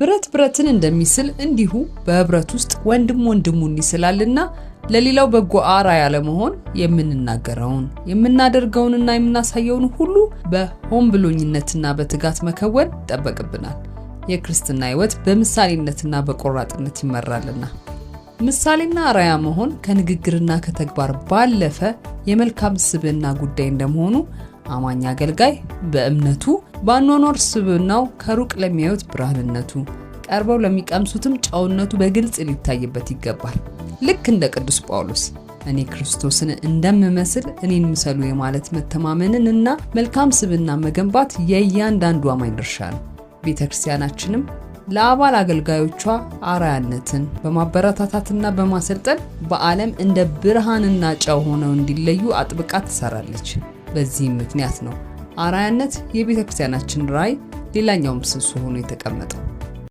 ብረት ብረትን እንደሚስል እንዲሁ በህብረት ውስጥ ወንድም ወንድሙን ይስላልና ለሌላው በጎ አርአያ ለመሆን የምንናገረውን የምናደርገውንና የምናሳየውን ሁሉ በሆን ብሎኝነትና በትጋት መከወን ይጠበቅብናል። የክርስትና ህይወት በምሳሌነትና በቆራጥነት ይመራልና። ምሳሌና አርአያ መሆን ከንግግርና ከተግባር ባለፈ የመልካም ስብዕና ጉዳይ እንደመሆኑ አማኝ አገልጋይ በእምነቱ በአኗኗር ስብናው ከሩቅ ለሚያዩት ብርሃንነቱ ቀርበው ለሚቀምሱትም ጨውነቱ በግልጽ ሊታይበት ይገባል። ልክ እንደ ቅዱስ ጳውሎስ እኔ ክርስቶስን እንደምመስል እኔን ምሰሉ የማለት መተማመንን እና መልካም ስብና መገንባት የእያንዳንዱ አማኝ ድርሻ ነው። ቤተ ክርስቲያናችንም ለአባል አገልጋዮቿ አራያነትን በማበረታታትና በማሰልጠን በዓለም እንደ ብርሃንና ጨው ሆነው እንዲለዩ አጥብቃ ትሰራለች። በዚህም ምክንያት ነው አራያነት የቤተ ክርስቲያናችን ሌላኛውም ሌላኛው ምሰሶ ሆኖ የተቀመጠው።